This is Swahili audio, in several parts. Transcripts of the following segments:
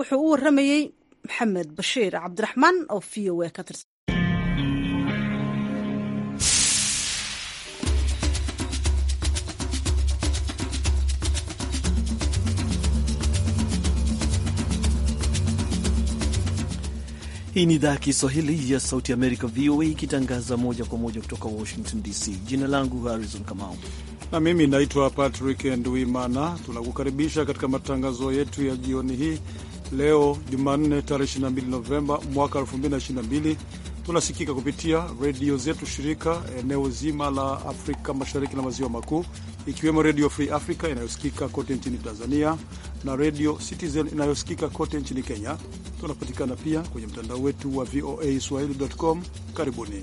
wuxuu u waramayey maxamed bashiir cabdiraxmaan oo v o a ka tirsan Hii ni idhaa ya Kiswahili ya Sauti Amerika, VOA, ikitangaza moja kwa moja kutoka Washington DC. Jina langu Harrison Kamau na mimi naitwa Patrick Nduimana. Tunakukaribisha katika matangazo yetu ya jioni hii Leo Jumanne, tarehe 22 Novemba mwaka 2022 tunasikika kupitia redio zetu shirika eneo zima la Afrika Mashariki na Maziwa Makuu, ikiwemo Redio Free Africa inayosikika kote nchini Tanzania na Redio Citizen inayosikika kote nchini Kenya. Tunapatikana pia kwenye mtandao wetu wa VOA Swahili.com. Karibuni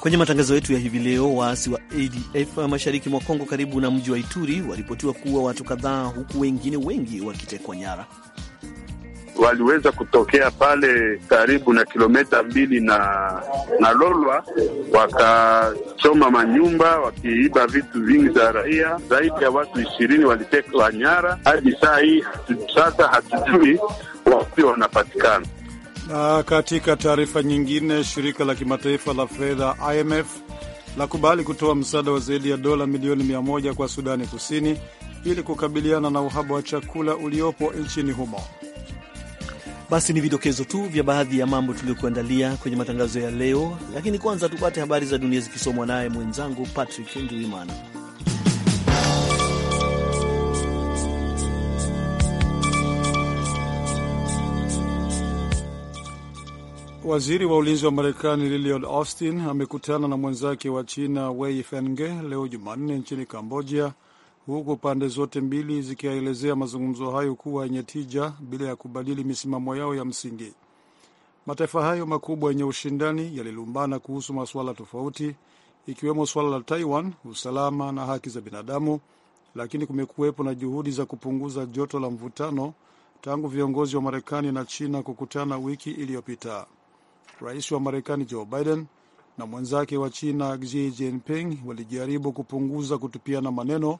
Kwenye matangazo yetu ya hivi leo, waasi wa ADF mashariki mwa Kongo karibu na mji wa Ituri waripotiwa kuua watu kadhaa, huku wengine wengi wakitekwa nyara. Waliweza kutokea pale karibu na kilometa mbili na, na Lolwa, wakachoma manyumba, wakiiba vitu vingi za raia. Zaidi ya watu ishirini walitekwa nyara. Hadi saa hii sasa hatujui wapi wanapatikana. Na katika taarifa nyingine, shirika la kimataifa la fedha IMF la kubali kutoa msaada wa zaidi ya dola milioni 100 kwa Sudani Kusini ili kukabiliana na uhaba wa chakula uliopo nchini humo. Basi ni vidokezo tu vya baadhi ya mambo tuliyokuandalia kwenye matangazo ya leo, lakini kwanza tupate habari za dunia zikisomwa naye mwenzangu Patrick Nduimana. Waziri wa ulinzi wa Marekani Lloyd Austin amekutana na mwenzake wa China Wei fenge leo Jumanne nchini Kambodia, huku pande zote mbili zikiyaelezea mazungumzo hayo kuwa yenye tija bila ya kubadili misimamo yao ya msingi. Mataifa hayo makubwa yenye ushindani yalilumbana kuhusu masuala tofauti, ikiwemo suala la Taiwan, usalama na haki za binadamu, lakini kumekuwepo na juhudi za kupunguza joto la mvutano tangu viongozi wa Marekani na China kukutana wiki iliyopita rais wa Marekani Joe Biden na mwenzake wa China Xi Jinping walijaribu kupunguza kutupiana maneno,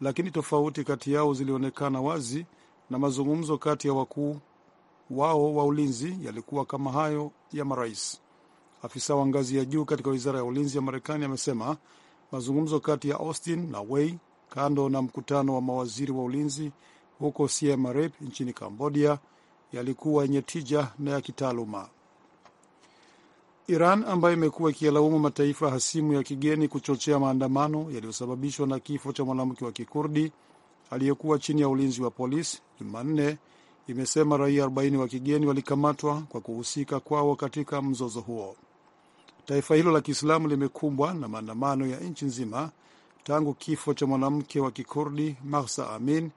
lakini tofauti kati yao zilionekana wazi na mazungumzo kati ya wakuu wao wa ulinzi yalikuwa kama hayo ya marais. Afisa wa ngazi ya juu katika wizara ya ulinzi ya Marekani amesema mazungumzo kati ya Austin na Wei, kando na mkutano wa mawaziri wa ulinzi huko Siem Reap nchini Cambodia, yalikuwa yenye tija na ya kitaaluma. Iran ambayo imekuwa ikiyalaumu mataifa hasimu ya kigeni kuchochea maandamano yaliyosababishwa na kifo cha mwanamke wa Kikurdi aliyekuwa chini ya ulinzi wa polisi, Jumanne imesema raia 40 wa kigeni walikamatwa kwa kuhusika kwao katika mzozo huo. Taifa hilo la Kiislamu limekumbwa na maandamano ya nchi nzima tangu kifo cha mwanamke wa Kikurdi Mahsa Amin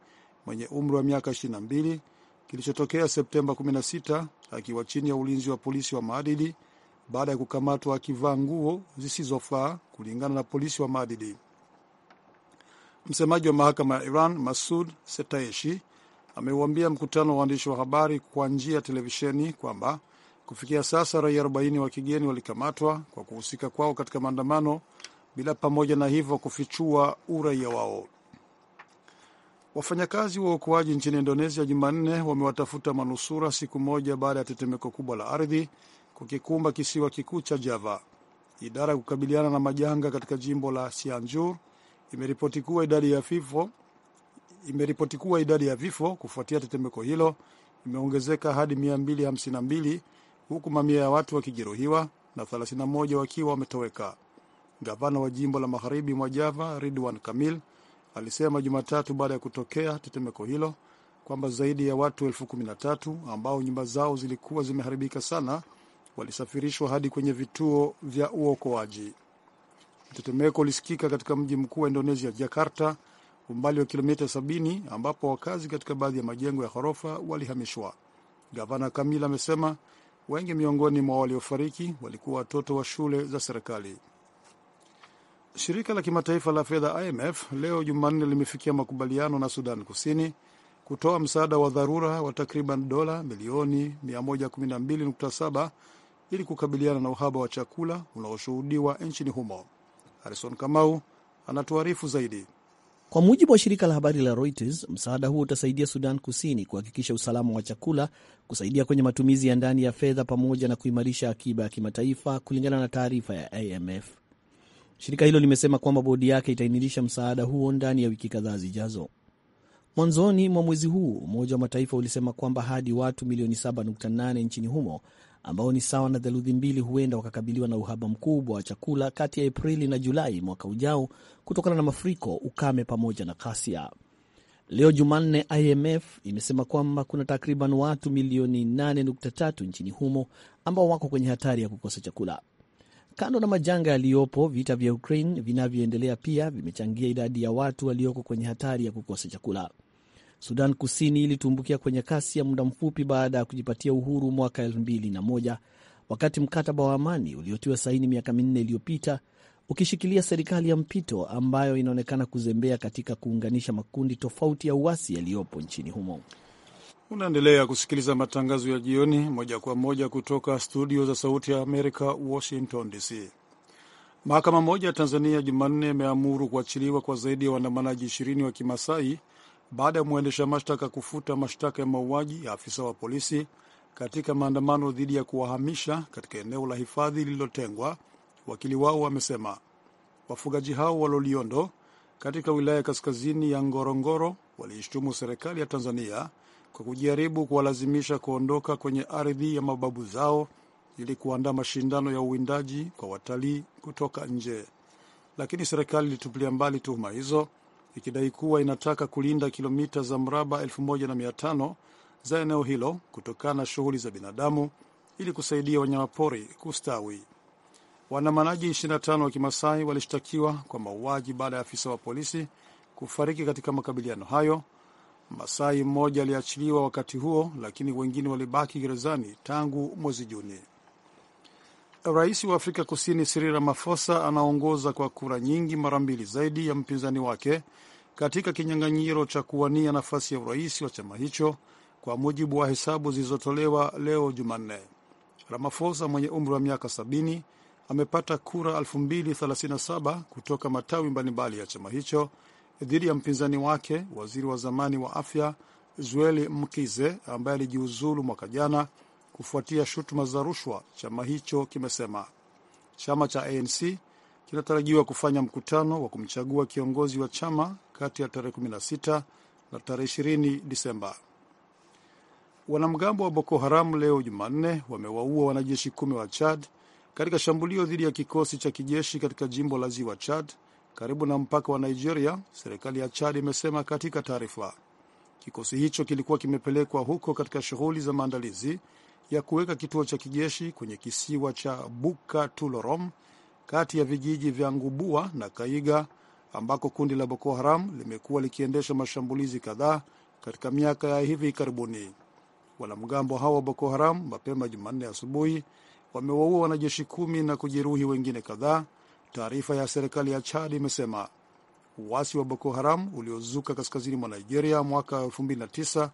mwenye umri wa miaka 22 kilichotokea Septemba 16 akiwa chini ya ulinzi wa polisi wa maadili baada ya kukamatwa akivaa nguo zisizofaa, kulingana na polisi wa maadili. Msemaji wa mahakama ya Iran Masud Setaeshi ameuambia mkutano wa waandishi wa habari kwa njia ya televisheni kwamba kufikia sasa raia 40 wa kigeni walikamatwa kwa kuhusika kwao katika maandamano bila pamoja na hivyo kufichua uraia wao. Wafanyakazi wa uokoaji nchini Indonesia Jumanne wamewatafuta manusura siku moja baada ya tetemeko kubwa la ardhi kukikumba kisiwa kikuu cha Java. Idara ya kukabiliana na majanga katika jimbo la Sianjur imeripoti kuwa idadi ya vifo imeripoti kuwa idadi ya vifo kufuatia tetemeko hilo imeongezeka hadi 252 huku mamia ya watu wakijeruhiwa na 31 wakiwa wametoweka. Gavana wa jimbo la magharibi mwa Java Ridwan Kamil alisema Jumatatu baada ya kutokea tetemeko hilo kwamba zaidi ya watu elfu kumi na tatu ambao nyumba zao zilikuwa zimeharibika sana walisafirishwa hadi kwenye vituo vya uokoaji. Mtetemeko ulisikika katika mji mkuu wa Indonesia, Jakarta, umbali wa kilomita 70, ambapo wakazi katika baadhi ya majengo ya ghorofa walihamishwa. Gavana Kamil amesema wengi miongoni mwa waliofariki walikuwa watoto wa shule za serikali. Shirika la kimataifa la fedha IMF leo Jumanne limefikia makubaliano na Sudan Kusini kutoa msaada wa dharura wa takriban dola milioni 112.7 ili kukabiliana na uhaba wa chakula unaoshuhudiwa nchini humo. Harison Kamau anatuarifu zaidi. Kwa mujibu wa shirika la habari la Reuters, msaada huo utasaidia Sudan Kusini kuhakikisha usalama wa chakula, kusaidia kwenye matumizi ya ndani ya fedha, pamoja na kuimarisha akiba ya kimataifa, kulingana na taarifa ya IMF. Shirika hilo limesema kwamba bodi yake itainilisha msaada huo ndani ya wiki kadhaa zijazo. Mwanzoni mwa mwezi huu Umoja wa Mataifa ulisema kwamba hadi watu milioni 7.8 nchini humo ambao ni sawa na theluthi mbili huenda wakakabiliwa na uhaba mkubwa wa chakula kati ya Aprili na Julai mwaka ujao kutokana na mafuriko, ukame pamoja na ghasia. Leo Jumanne, IMF imesema kwamba kuna takriban watu milioni 8.3 nchini humo ambao wako kwenye hatari ya kukosa chakula. Kando na majanga yaliyopo, vita vya Ukraine vinavyoendelea pia vimechangia idadi ya watu walioko kwenye hatari ya kukosa chakula. Sudan Kusini ilitumbukia kwenye kasi ya muda mfupi baada ya kujipatia uhuru mwaka 2001 wakati mkataba wa amani uliotiwa saini miaka minne iliyopita ukishikilia serikali ya mpito ambayo inaonekana kuzembea katika kuunganisha makundi tofauti ya uasi yaliyopo nchini humo. Unaendelea kusikiliza matangazo ya jioni moja kwa moja kutoka studio za Sauti ya Amerika, Washington DC. Mahakama moja ya Tanzania Jumanne imeamuru kuachiliwa kwa zaidi ya waandamanaji ishirini wa Kimasai baada ya mwendesha mashtaka kufuta mashtaka ya mauaji ya afisa wa polisi katika maandamano dhidi ya kuwahamisha katika eneo la hifadhi lililotengwa. Wakili wao wamesema wafugaji hao wa Loliondo katika wilaya ya kaskazini ya Ngorongoro waliishtumu serikali ya Tanzania kwa kujaribu kuwalazimisha kuondoka kwenye ardhi ya mababu zao ili kuandaa mashindano ya uwindaji kwa watalii kutoka nje, lakini serikali ilitupilia mbali tuhuma hizo ikidai kuwa inataka kulinda kilomita za mraba 1500 za eneo hilo kutokana na shughuli za binadamu ili kusaidia wanyamapori kustawi. Waandamanaji 25 wa Kimasai walishtakiwa kwa mauaji baada ya afisa wa polisi kufariki katika makabiliano hayo. Masai mmoja aliachiliwa wakati huo, lakini wengine walibaki gerezani tangu mwezi Juni. Rais wa Afrika Kusini Cyril Ramaphosa anaongoza kwa kura nyingi mara mbili zaidi ya mpinzani wake katika kinyang'anyiro cha kuwania nafasi ya urais wa chama hicho, kwa mujibu wa hesabu zilizotolewa leo Jumanne. ramafosa mwenye umri wa miaka 70 amepata kura 2037 kutoka matawi mbalimbali ya chama hicho dhidi ya mpinzani wake, waziri wa zamani wa afya Zweli Mkize ambaye alijiuzulu mwaka jana kufuatia shutuma za rushwa, chama hicho kimesema. Chama cha ANC kinatarajiwa kufanya mkutano wa kumchagua kiongozi wa chama kati ya tarehe 16 na tarehe 20 Disemba. Wanamgambo wa Boko Haram leo Jumanne wamewaua wanajeshi kumi wa Chad katika shambulio dhidi ya kikosi cha kijeshi katika jimbo la Ziwa Chad karibu na mpaka wa Nigeria, serikali ya Chad imesema katika taarifa. Kikosi hicho kilikuwa kimepelekwa huko katika shughuli za maandalizi ya kuweka kituo cha kijeshi kwenye kisiwa cha Buka Tulorom kati ya vijiji vya Ngubua na Kaiga ambako kundi la Boko Haram limekuwa likiendesha mashambulizi kadhaa katika miaka ya hivi karibuni. Wanamgambo hao wa Boko Haram mapema Jumanne asubuhi wamewaua wanajeshi kumi na kujeruhi wengine kadhaa, taarifa ya serikali ya Chad imesema. Uasi wa Boko Haram uliozuka kaskazini mwa Nigeria mwaka 2009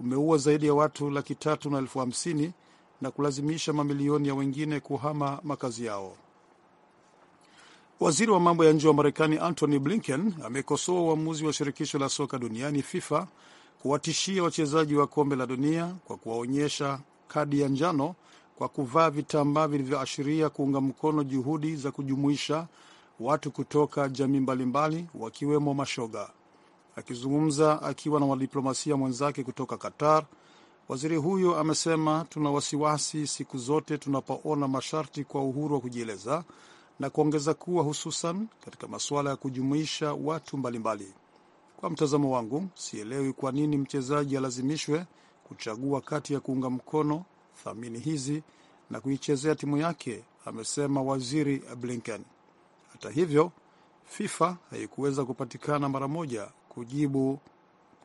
umeua zaidi ya watu laki tatu na elfu hamsini na kulazimisha mamilioni ya wengine kuhama makazi yao. Waziri wa mambo ya nje wa Marekani Antony Blinken amekosoa uamuzi wa shirikisho la soka duniani FIFA kuwatishia wachezaji wa kombe la dunia kwa kuwaonyesha kadi ya njano kwa kuvaa vitambaa vilivyoashiria kuunga mkono juhudi za kujumuisha watu kutoka jamii mbalimbali wakiwemo mashoga. Akizungumza akiwa na wadiplomasia mwenzake kutoka Qatar, waziri huyo amesema tuna wasiwasi siku zote tunapoona masharti kwa uhuru wa kujieleza na kuongeza kuwa hususan katika masuala ya kujumuisha watu mbalimbali mbali. Kwa mtazamo wangu, sielewi kwa nini mchezaji alazimishwe kuchagua kati ya kuunga mkono thamini hizi na kuichezea timu yake, amesema Waziri Blinken. Hata hivyo, FIFA haikuweza kupatikana mara moja kujibu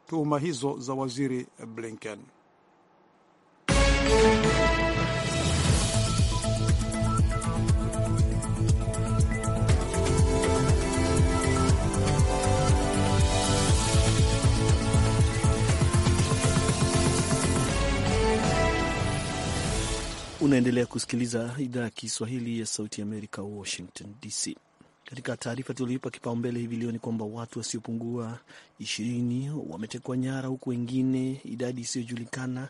tuhuma hizo za Waziri Blinken. Unaendelea kusikiliza idhaa ya Kiswahili ya Sauti ya Amerika, Washington DC. Katika taarifa tulioipa kipaumbele hivi leo ni kwamba watu wasiopungua ishirini wametekwa nyara, huku wengine idadi isiyojulikana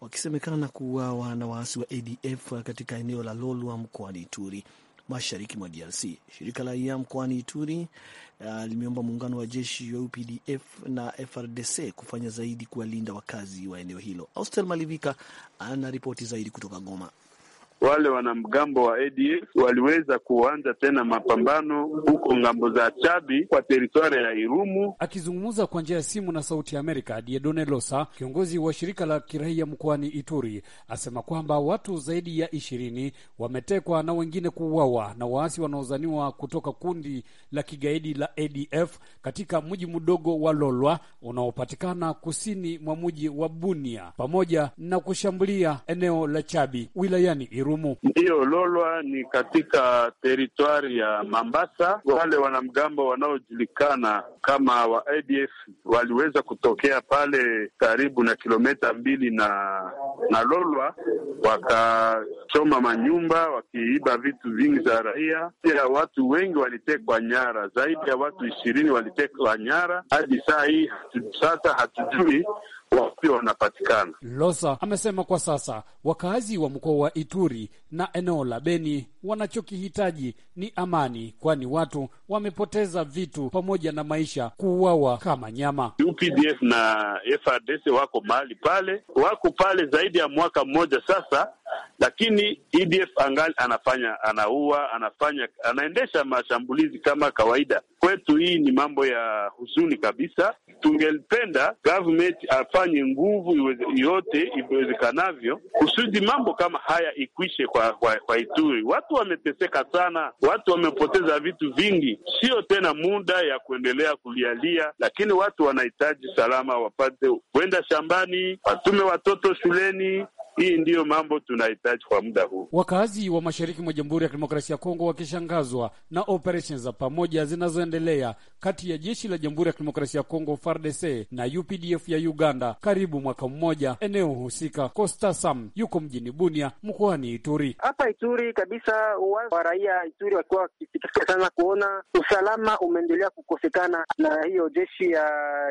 wakisemekana kuuawa na waasi wa ADF katika eneo la Lolwa mkoani Ituri mashariki mwa DRC. Shirika la raia mkoani Ituri uh, limeomba muungano wa jeshi wa UPDF na FRDC kufanya zaidi kuwalinda wakazi wa eneo hilo. Austel Malivika ana ripoti zaidi kutoka Goma wale wanamgambo wa ADF waliweza kuanza tena mapambano huko ngambo za Chabi kwa teritoria ya Irumu. Akizungumza kwa njia ya simu na Sauti ya Amerika, Diedone Losa, kiongozi wa shirika la kiraia mkoani Ituri, asema kwamba watu zaidi ya ishirini wametekwa na wengine kuuawa na waasi wanaozaniwa kutoka kundi la kigaidi la ADF katika mji mdogo wa Lolwa unaopatikana kusini mwa mji wa Bunia pamoja na kushambulia eneo la Chabi wilayani Irumu. Irumu. Ndiyo, Lolwa ni katika teritwari ya Mambasa. Wale wanamgambo wanaojulikana kama wa ADF waliweza kutokea pale karibu na kilomita mbili na na Lolwa, wakachoma manyumba, wakiiba vitu vingi za raia. Pia watu wengi walitekwa nyara, zaidi ya watu ishirini walitekwa nyara. Hadi saa hii hatu, sasa hatujui wakiwa wanapatikana. Losa amesema kwa sasa wakazi wa mkoa wa Ituri na eneo la Beni wanachokihitaji ni amani, kwani watu wamepoteza vitu pamoja na maisha, kuuawa kama nyama. UPDF na FRDC wako mahali pale, wako pale zaidi ya mwaka mmoja sasa, lakini EDF angali anafanya, anaua, anafanya, anaendesha mashambulizi kama kawaida. Kwetu hii ni mambo ya huzuni kabisa. Tungelipenda government afanye nguvu yote iwezekanavyo kusudi mambo kama haya ikwishe kwa kwa, kwa, kwa Ituri. Watu wameteseka sana, watu wamepoteza vitu vingi, sio tena muda ya kuendelea kulialia, lakini watu wanahitaji salama, wapate kwenda shambani, watume watoto shuleni hii ndiyo mambo tunahitaji kwa muda huu. Wakazi wa mashariki mwa Jamhuri ya Kidemokrasia ya Kongo wakishangazwa na operesheni za pamoja zinazoendelea kati ya jeshi la Jamhuri ya Kidemokrasia ya Kongo FARDC na UPDF ya Uganda karibu mwaka mmoja. Eneo husika Costa Sam yuko mjini Bunia mkoani Ituri. Hapa Ituri kabisa wa raia Ituri wakiwa wakisikitika sana kuona usalama umeendelea kukosekana na hiyo jeshi ya,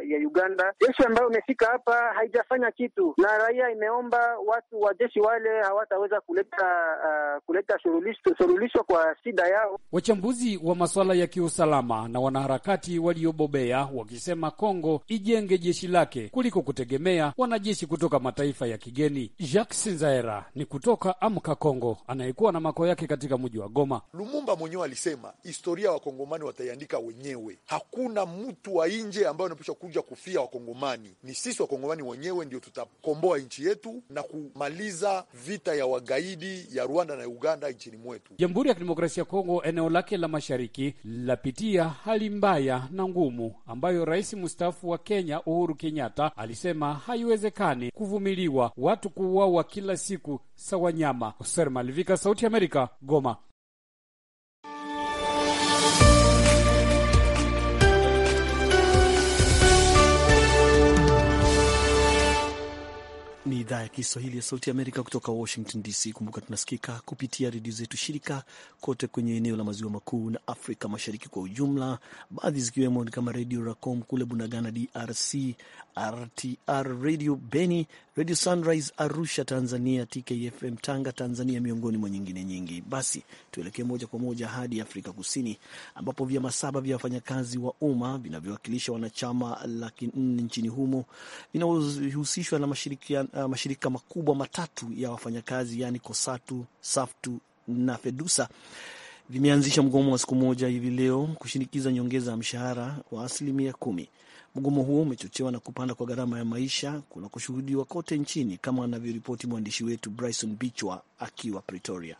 ya Uganda. Jeshi ambayo imefika hapa haijafanya kitu na raia imeomba watu wa wajeshi wale hawataweza kuleta uh, kuleta suluhisho kwa shida yao. Wachambuzi wa masuala ya kiusalama na wanaharakati waliobobea wakisema Kongo ijenge jeshi lake kuliko kutegemea wanajeshi kutoka mataifa ya kigeni. Jacques Sinzaera ni kutoka Amka Kongo anayekuwa na makao yake katika mji wa Goma. Lumumba mwenyewe alisema historia wakongomani wataiandika wenyewe, hakuna mtu wa nje ambayo anapaswa kuja kufia wakongomani, ni sisi wakongomani wenyewe ndio tutakomboa nchi yetu na ku kumaliza vita ya wagaidi ya Rwanda na Uganda nchini mwetu. Jamhuri ya Kidemokrasia ya Kongo eneo lake la mashariki lapitia hali mbaya na ngumu ambayo rais mstaafu wa Kenya Uhuru Kenyatta alisema haiwezekani kuvumiliwa watu kuuawa kila siku sawa nyama. Hoser Malivika, Sauti ya Amerika, Goma. Ni idhaa ya Kiswahili ya Sauti ya Amerika kutoka Washington DC. Kumbuka tunasikika kupitia redio zetu shirika kote kwenye eneo la maziwa makuu na Afrika Mashariki kwa ujumla, baadhi zikiwemo ni kama Redio Racom kule Bunagana DRC, RTR Radio Beni, Redio Sunrise Arusha Tanzania, TKFM Tanga Tanzania, miongoni mwa nyingine nyingi. Basi tuelekee moja kwa moja hadi Afrika Kusini, ambapo vyama saba vya wafanyakazi wa umma vinavyowakilisha wanachama laki nne nchini humo vinahusishwa na mashirikiano uh, mashirika makubwa matatu ya wafanyakazi yani Kosatu, Saftu na Fedusa vimeanzisha mgomo wa siku moja hivi leo kushinikiza nyongeza ya mshahara wa asilimia kumi. Mgomo huo umechochewa na kupanda kwa gharama ya maisha kuna kushuhudiwa kote nchini, kama anavyoripoti mwandishi wetu Bryson Bichwa akiwa Pretoria.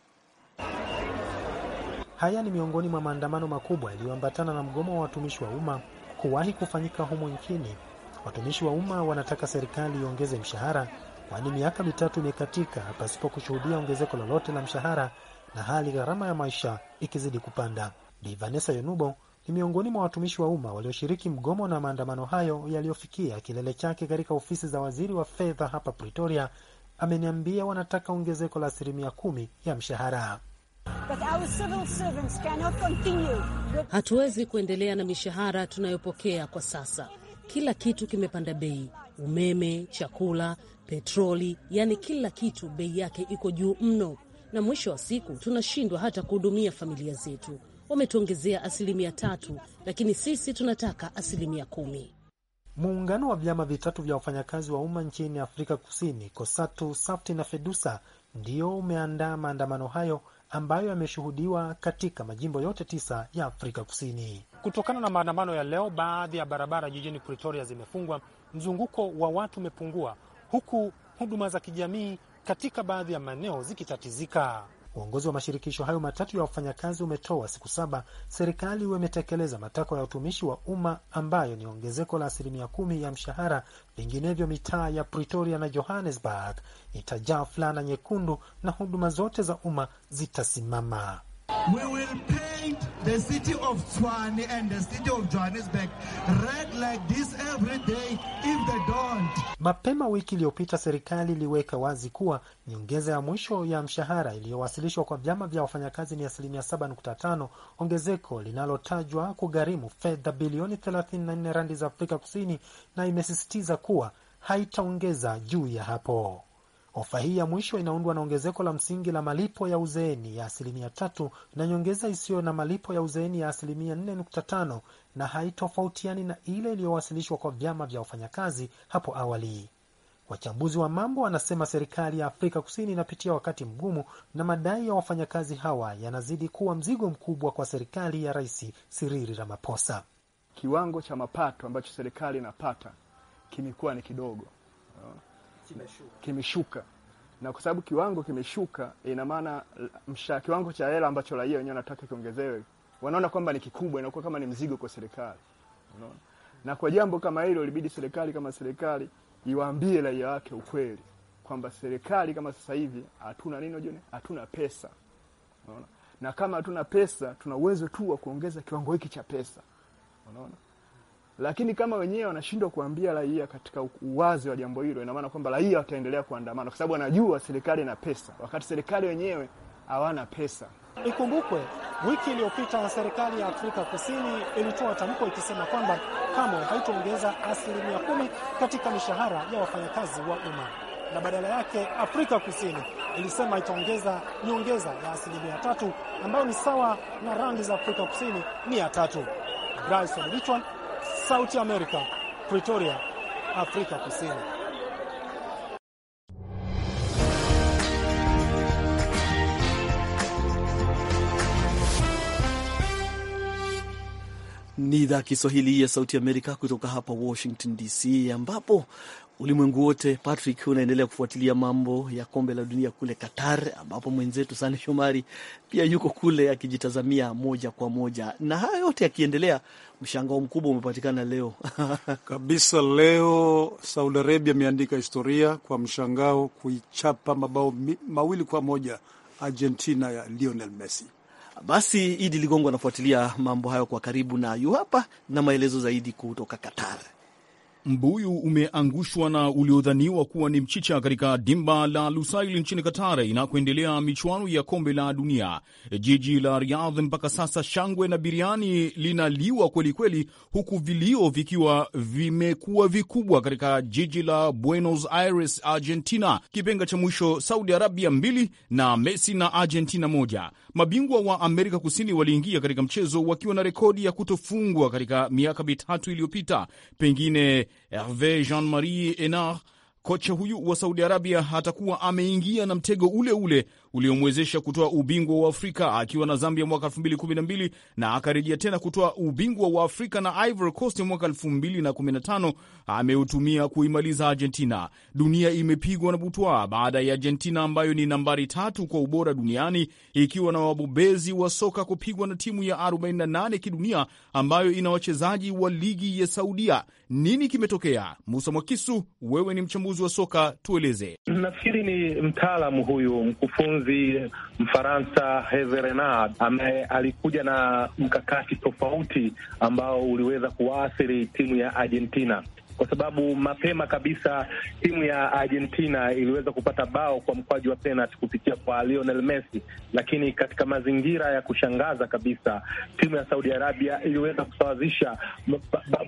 Haya ni miongoni mwa maandamano makubwa yaliyoambatana na mgomo wa watumishi wa umma kuwahi kufanyika humo nchini Watumishi wa umma wanataka serikali iongeze mshahara, kwani miaka mitatu imekatika pasipo kushuhudia ongezeko lolote la mshahara na hali gharama ya maisha ikizidi kupanda. Bi Vanessa Yonubo ni miongoni mwa watumishi wa umma walioshiriki mgomo na maandamano hayo yaliyofikia kilele chake katika ofisi za waziri wa fedha hapa Pretoria. Ameniambia wanataka ongezeko la asilimia kumi ya mshahara. Hatuwezi kuendelea na mishahara tunayopokea kwa sasa. Kila kitu kimepanda bei, umeme, chakula, petroli, yani kila kitu bei yake iko juu mno, na mwisho wa siku tunashindwa hata kuhudumia familia zetu. Wametuongezea asilimia tatu, lakini sisi tunataka asilimia kumi. Muungano wa vyama vitatu vya wafanyakazi wa umma nchini Afrika Kusini, Kosatu, Safti na Fedusa, ndio umeandaa maandamano hayo ambayo yameshuhudiwa katika majimbo yote tisa ya Afrika Kusini. Kutokana na maandamano ya leo, baadhi ya barabara jijini Pretoria zimefungwa, mzunguko wa watu umepungua, huku huduma za kijamii katika baadhi ya maeneo zikitatizika. Uongozi wa mashirikisho hayo matatu ya wafanyakazi umetoa siku saba serikali iwe imetekeleza matakwa ya utumishi wa umma ambayo ni ongezeko la asilimia kumi ya mshahara. Vinginevyo mitaa ya Pretoria na Johannesburg itajaa fulana nyekundu na huduma zote za umma zitasimama. We will paint the city of Tswane and the city of Johannesburg red like this every day if they don't. Mapema wiki iliyopita serikali iliweka wazi kuwa nyongeza ya mwisho ya mshahara iliyowasilishwa kwa vyama vya wafanyakazi ni asilimia 7.5, ongezeko linalotajwa kugharimu fedha bilioni 34 randi za Afrika Kusini, na imesisitiza kuwa haitaongeza juu ya hapo. Ofa hii ya mwisho inaundwa na ongezeko la msingi la malipo ya uzeeni ya asilimia tatu na nyongeza isiyo na malipo ya uzeeni ya asilimia 4.5 na haitofautiani na ile iliyowasilishwa kwa vyama vya wafanyakazi hapo awali. Wachambuzi wa mambo wanasema serikali ya Afrika Kusini inapitia wakati mgumu na madai ya wafanyakazi hawa yanazidi kuwa mzigo mkubwa kwa serikali ya Rais Cyril Ramaphosa. Kiwango cha mapato ambacho serikali inapata kimekuwa ni kidogo kimeshuka, kimeshuka. Na kwa sababu kiwango kimeshuka, ina maana msha kiwango cha hela ambacho raia wenyewe wanataka kiongezewe, wanaona kwamba ni kikubwa, inakuwa kama ni mzigo kwa serikali, unaona. Na kwa jambo kama hilo ilibidi serikali kama serikali iwaambie raia wake ukweli kwamba serikali kama sasa hivi hatuna nini, unajua, hatuna pesa, unaona. Na kama hatuna pesa, tuna uwezo tu wa kuongeza kiwango hiki cha pesa, unaona lakini kama wenyewe wanashindwa kuambia raia katika uwazi wa jambo hilo, ina maana kwamba raia wataendelea kuandamana kwa sababu wanajua serikali ina pesa, wakati serikali wenyewe hawana pesa. Ikumbukwe wiki iliyopita serikali ya Afrika Kusini ilitoa tamko ikisema kwamba kamwe haitaongeza asilimia kumi katika mishahara ya wafanyakazi wa umma na badala yake Afrika Kusini ilisema itaongeza nyongeza ya asilimia tatu ambayo ni sawa na randi za Afrika Kusini mia tatu. Bryson Richwan, Sauti Amerika, Pretoria, Afrika Kusini. Ni idhaa Kiswahili ya Sauti Amerika kutoka hapa Washington DC, ambapo ulimwengu wote. Patrick, unaendelea kufuatilia mambo ya kombe la dunia kule Qatar, ambapo mwenzetu Sani Shomari pia yuko kule akijitazamia moja kwa moja, na haya yote yakiendelea, mshangao mkubwa umepatikana leo kabisa. Leo Saudi Arabia imeandika historia kwa mshangao kuichapa mabao mawili kwa moja Argentina ya Lionel Messi. Basi Idi Ligongo anafuatilia mambo hayo kwa karibu, na yu hapa na maelezo zaidi kutoka Qatar. Mbuyu umeangushwa na uliodhaniwa kuwa ni mchicha katika dimba la Lusail nchini Qatar inakoendelea michuano ya kombe la dunia. Jiji la Riyadh mpaka sasa shangwe na biriani linaliwa kwelikweli, huku vilio vikiwa vimekuwa vikubwa katika jiji la Buenos Aires, Argentina. Kipenga cha mwisho Saudi Arabia mbili na Messi na Argentina moja. Mabingwa wa Amerika Kusini waliingia katika mchezo wakiwa na rekodi ya kutofungwa katika miaka mitatu iliyopita, pengine Herve Jean-Marie Enar, kocha huyu wa Saudi Arabia atakuwa ameingia na mtego ule ule uliomwezesha kutoa ubingwa wa Afrika akiwa na Zambia mwaka 2012 na akarejea tena kutoa ubingwa wa Afrika na Ivory Coast mwaka 2015 ameutumia kuimaliza Argentina. Dunia imepigwa na butwa baada ya Argentina ambayo ni nambari tatu kwa ubora duniani ikiwa na wabobezi wa soka kupigwa na timu ya 48 kidunia ambayo ina wachezaji wa ligi ya Saudia. Nini kimetokea? Musa Mwakisu, wewe ni mchambuzi wa soka, tueleze. Nafikiri ni mtaalamu huyu mkufunzi mkufunzi Mfaransa Herve Renard ambaye alikuja na mkakati tofauti ambao uliweza kuwaathiri timu ya Argentina kwa sababu mapema kabisa timu ya Argentina iliweza kupata bao kwa mkwaji wa penalti kupitia kwa Lionel Messi, lakini katika mazingira ya kushangaza kabisa timu ya Saudi Arabia iliweza kusawazisha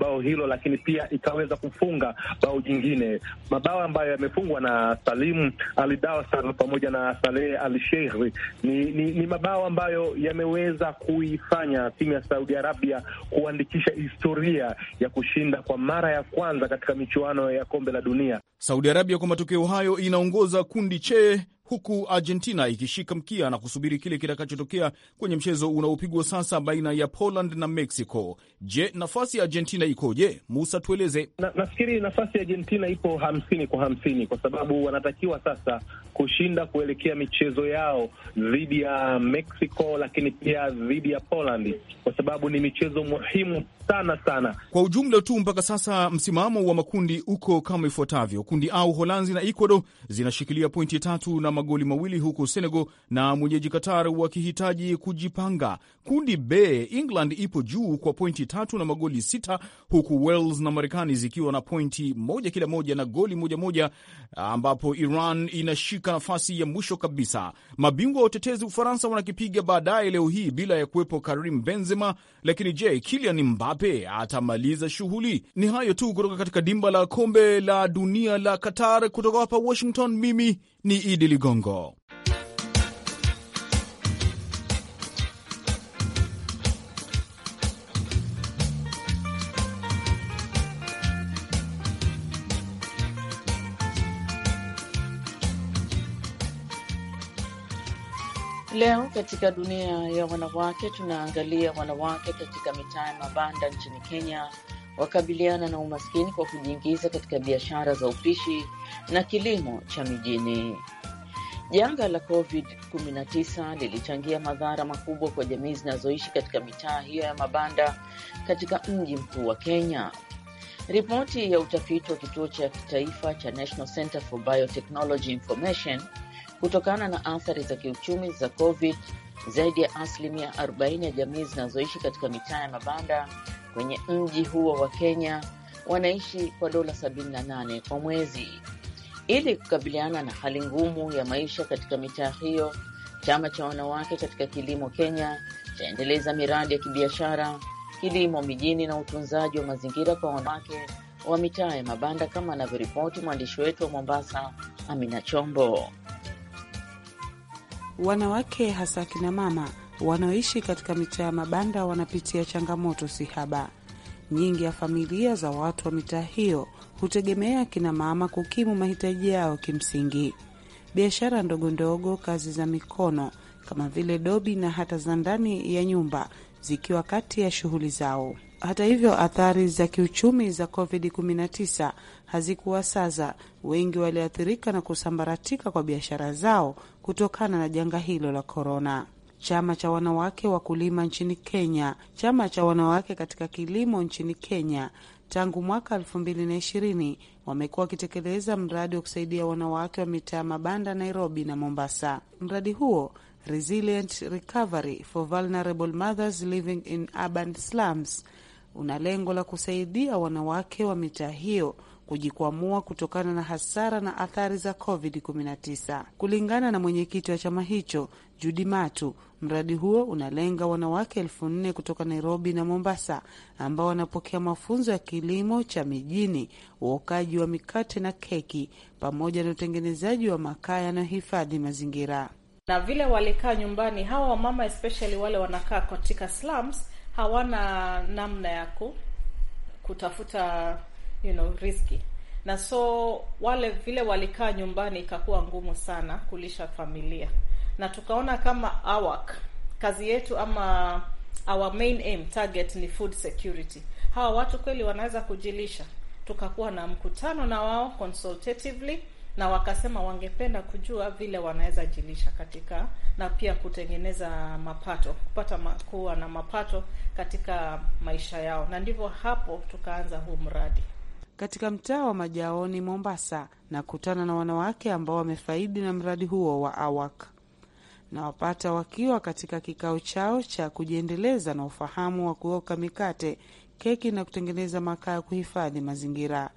bao hilo, lakini pia ikaweza kufunga bao jingine, mabao ambayo yamefungwa na Salim Alidawsar pamoja na Saleh Al Sheikh. Ni, ni, ni mabao ambayo yameweza kuifanya timu ya Saudi Arabia kuandikisha historia ya kushinda kwa mara ya kwanza kucheza katika michuano ya kombe la dunia. Saudi Arabia kwa matokeo hayo inaongoza kundi che huku Argentina ikishika mkia na kusubiri kile kitakachotokea kwenye mchezo unaopigwa sasa baina ya Poland na Mexico. Je, nafasi ya Argentina ikoje? Musa, tueleze. Na, nafikiri nafasi ya Argentina ipo hamsini kwa hamsini kwa sababu wanatakiwa sasa kushinda kuelekea michezo yao dhidi ya Mexico, lakini pia dhidi ya Poland, kwa sababu ni michezo muhimu sana sana. Kwa ujumla tu, mpaka sasa msimamo wa makundi uko kama ifuatavyo: kundi A, Uholanzi na Ecuador zinashikilia pointi tatu na magoli mawili, huku Senegal na mwenyeji Qatar wakihitaji kujipanga Kundi B, England ipo juu kwa pointi tatu na magoli sita huku Wales na Marekani zikiwa na pointi moja kila moja na goli moja moja, ambapo Iran inashika nafasi ya mwisho kabisa. Mabingwa wa utetezi Ufaransa wanakipiga baadaye leo hii bila ya kuwepo Karim Benzema, lakini je, Kylian Mbappe atamaliza shughuli? Ni hayo tu kutoka katika dimba la kombe la dunia la Qatar. Kutoka hapa Washington, mimi ni Idi Ligongo. Leo katika dunia ya wanawake, tunaangalia wanawake katika mitaa ya mabanda nchini Kenya wakabiliana na umaskini kwa kujiingiza katika biashara za upishi na kilimo cha mijini. Janga la COVID-19 lilichangia madhara makubwa kwa jamii zinazoishi katika mitaa hiyo ya mabanda katika mji mkuu wa Kenya. Ripoti ya utafiti wa kituo cha kitaifa cha National Center for Biotechnology Information kutokana na athari za kiuchumi za COVID. Zaidi ya asilimia 40 ya jamii zinazoishi katika mitaa ya mabanda kwenye mji huo wa Kenya wanaishi kwa dola 78 kwa mwezi. Ili kukabiliana na hali ngumu ya maisha katika mitaa hiyo, chama cha wanawake katika kilimo Kenya chaendeleza miradi ya kibiashara, kilimo mijini na utunzaji wa mazingira kwa wanawake wa mitaa ya mabanda, kama anavyoripoti mwandishi wetu wa Mombasa, Amina Chombo. Wanawake hasa kina mama wanaoishi katika mitaa ya mabanda wanapitia changamoto si haba. Nyingi ya familia za watu wa mitaa hiyo hutegemea kina mama kukimu mahitaji yao kimsingi. Biashara ndogo ndogo, kazi za mikono kama vile dobi na hata za ndani ya nyumba zikiwa kati ya shughuli zao. Hata hivyo, athari za kiuchumi za COVID-19 hazikuwa saza Wengi waliathirika na kusambaratika kwa biashara zao kutokana na janga hilo la korona. Chama cha wanawake wakulima nchini Kenya, chama cha wanawake katika kilimo nchini Kenya tangu mwaka elfu mbili na ishirini wamekuwa wakitekeleza mradi wa kusaidia wanawake wa mitaa ya mabanda Nairobi na Mombasa. Mradi huo Resilient Recovery for Vulnerable Mothers Living in Urban Slums una lengo la kusaidia wanawake wa mitaa hiyo kujikwamua kutokana na hasara na athari za COVID-19. Kulingana na mwenyekiti wa chama hicho Judi Matu, mradi huo unalenga wanawake elfu nne kutoka Nairobi na Mombasa ambao wanapokea mafunzo ya kilimo cha mijini, uokaji wa mikate na keki, pamoja na utengenezaji wa makaa yanayohifadhi mazingira. Na vile walikaa nyumbani, hawa wamama especially wale wanakaa katika slums hawana namna ya kutafuta you know riski, na so wale vile walikaa nyumbani, ikakuwa ngumu sana kulisha familia, na tukaona kama AWAC kazi yetu ama our main aim target ni food security. Hawa watu kweli wanaweza kujilisha? Tukakuwa na mkutano na wao consultatively na wakasema wangependa kujua vile wanaweza jilisha katika na pia kutengeneza mapato, kupata ma, kuwa na mapato katika maisha yao, na ndivyo hapo tukaanza huu mradi katika mtaa wa Majaoni, Mombasa, na kutana na wanawake ambao wamefaidi na mradi huo wa AWAK na wapata wakiwa katika kikao chao cha kujiendeleza na ufahamu wa kuoka mikate, keki na kutengeneza makaa ya kuhifadhi mazingira.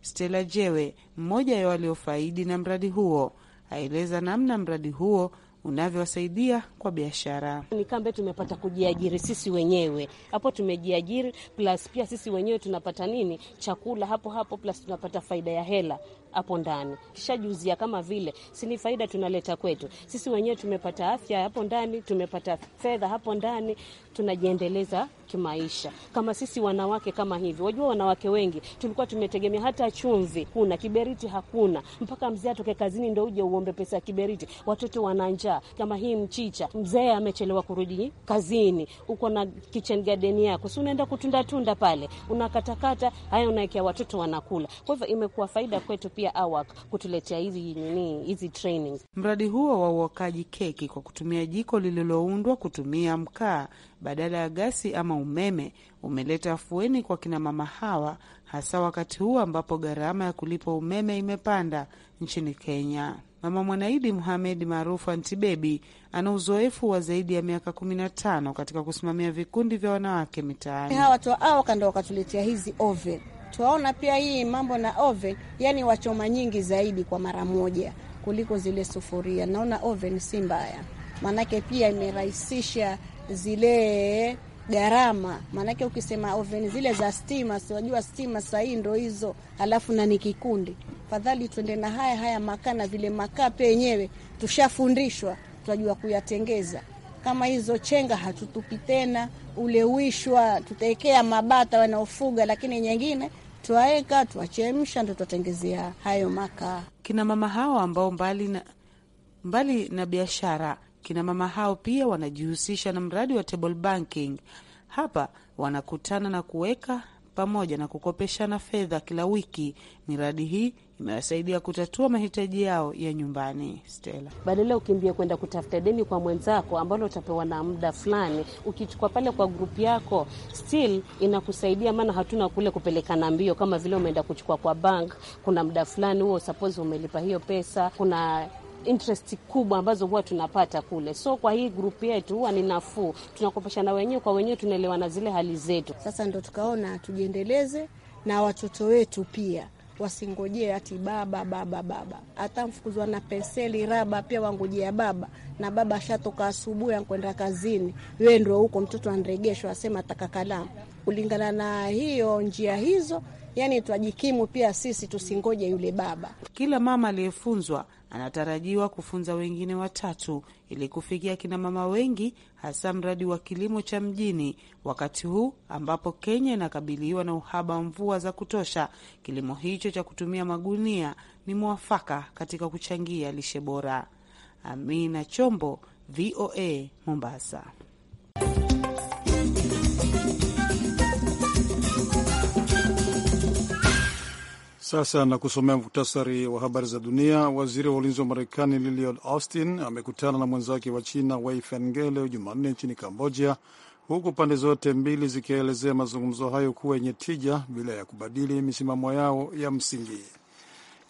Stella Jewe, mmoja ya waliofaidi na mradi huo, aeleza namna mradi huo unavyowasaidia kwa biashara. Ni kambe tumepata kujiajiri sisi wenyewe hapo, tumejiajiri plus pia sisi wenyewe tunapata nini chakula hapo hapo, plus tunapata faida ya hela hapo ndani, kishajuzia kama vile sini faida tunaleta kwetu sisi wenyewe. Tumepata afya hapo ndani, tumepata fedha hapo ndani, tunajiendeleza kimaisha kama sisi wanawake kama hivi. Wajua, wanawake wengi tulikuwa tumetegemea hata chumvi kuna kiberiti hakuna, mpaka mzee atoke kazini ndo uje uombe pesa ya kiberiti. Watoto wana njaa kama hii mchicha, mzee amechelewa kurudi kazini, uko na kitchen garden yako, si unaenda kutunda tunda pale, unakatakata haya, unaekea watoto wanakula. Kwa hivyo imekuwa faida kwetu pia AWAC kutuletea hizi nini, hizi training. Mradi huo wa uokaji keki kwa kutumia jiko lililoundwa kutumia mkaa badala ya gasi ama umeme umeleta afueni kwa kinamama hawa, hasa wakati huu ambapo gharama ya kulipa umeme imepanda nchini Kenya. Mama Mwanaidi Muhamed maarufu Antibebi ana uzoefu wa zaidi ya miaka kumi na tano katika kusimamia vikundi vya wanawake mitaani. Hawa watu hawa wakanda wakatuletea hizi oven, tuwaona pia hii mambo na oven, yani wachoma nyingi zaidi kwa mara moja kuliko zile sufuria. Naona oven si mbaya, maanake pia imerahisisha zile gharama maanake, ukisema oveni zile za stima, siwajua stima sahii ndo hizo, alafu na ni kikundi. Fadhali tuende na haya haya makaa, na vile makaa pia yenyewe tushafundishwa, twajua kuyatengeza. Kama hizo chenga hatutupi tena, ule wishwa tutaekea mabata wanaofuga, lakini nyingine twaeka, twachemsha, ndo twatengezea hayo makaa. Kina mama hao ambao mbali na, mbali na biashara Kinamama hao pia wanajihusisha na mradi wa table banking. Hapa wanakutana na kuweka pamoja na kukopeshana fedha kila wiki. Miradi hii imewasaidia kutatua mahitaji yao ya nyumbani. Stella, badala ukimbia kwenda kutafuta deni kwa mwenzako ambalo utapewa na muda fulani, ukichukua pale kwa grupu yako still inakusaidia, maana hatuna kule kupelekana mbio kama vile umeenda kuchukua kwa bank. Kuna muda fulani huo suppose umelipa hiyo pesa, kuna interest kubwa ambazo huwa tunapata kule. So kwa hii grupu yetu huwa ni nafuu, tunakopeshana wenyewe kwa wenyewe, tunaelewana zile hali zetu. Sasa ndo tukaona tujiendeleze na watoto wetu pia wasingojee ati baba baba baba, hata mfukuzwa na penseli raba pia wangojea baba, na baba ashatoka asubuhi ankwenda kazini, wewe ndio huko mtoto anregeshwa asema ataka kalamu. Kulingana na hiyo njia hizo yani twajikimu pia sisi, tusingoje yule baba. Kila mama aliyefunzwa anatarajiwa kufunza wengine watatu ili kufikia kina mama wengi, hasa mradi wa kilimo cha mjini. Wakati huu ambapo Kenya inakabiliwa na uhaba wa mvua za kutosha, kilimo hicho cha kutumia magunia ni mwafaka katika kuchangia lishe bora. Amina Chombo, VOA, Mombasa. Sasa na kusomea muktasari wa habari za dunia. Waziri wa ulinzi wa Marekani Lloyd Austin amekutana na mwenzake wa China Wei Fenghe leo Jumanne nchini Kambodia, huku pande zote mbili zikielezea mazungumzo hayo kuwa yenye tija bila ya kubadili misimamo yao ya msingi.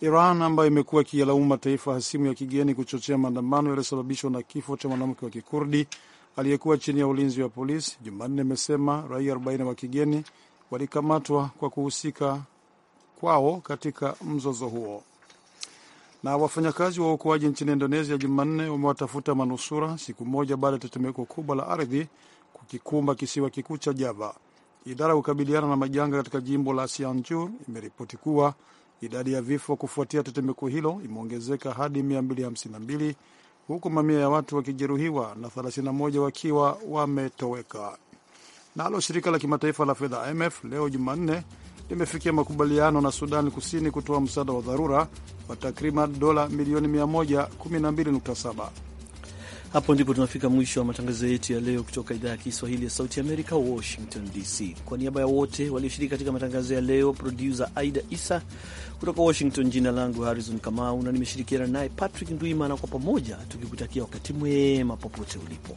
Iran ambayo imekuwa ikiyalaumu mataifa hasimu ya kigeni kuchochea maandamano yaliyosababishwa na kifo cha mwanamke wa kikurdi aliyekuwa chini ya ulinzi wa polisi, Jumanne imesema raia 40 wa kigeni walikamatwa kwa kuhusika kwao katika mzozo huo. Na wafanyakazi wa uokoaji nchini Indonesia Jumanne wamewatafuta manusura siku moja baada ya tetemeko kubwa la ardhi kukikumba kisiwa kikuu cha Java. Idara ya kukabiliana na majanga katika jimbo la Sianjur imeripoti kuwa idadi ya vifo kufuatia tetemeko hilo imeongezeka hadi 252 huku mamia ya watu wakijeruhiwa na 31 wakiwa wametoweka. Nalo shirika la kimataifa la fedha IMF leo Jumanne limefikia makubaliano na Sudani Kusini kutoa msaada wa dharura wa takriban dola milioni 112.7. Hapo ndipo tunafika mwisho wa matangazo yetu ya leo kutoka idhaa ya Kiswahili ya Sauti Amerika, Washington DC. Kwa niaba ya wote walioshiriki katika matangazo ya leo, produsa Aida Isa kutoka Washington, jina langu Harrison Kamau na nimeshirikiana naye Patrick Ndwimana, kwa pamoja tukikutakia wakati mwema popote ulipo.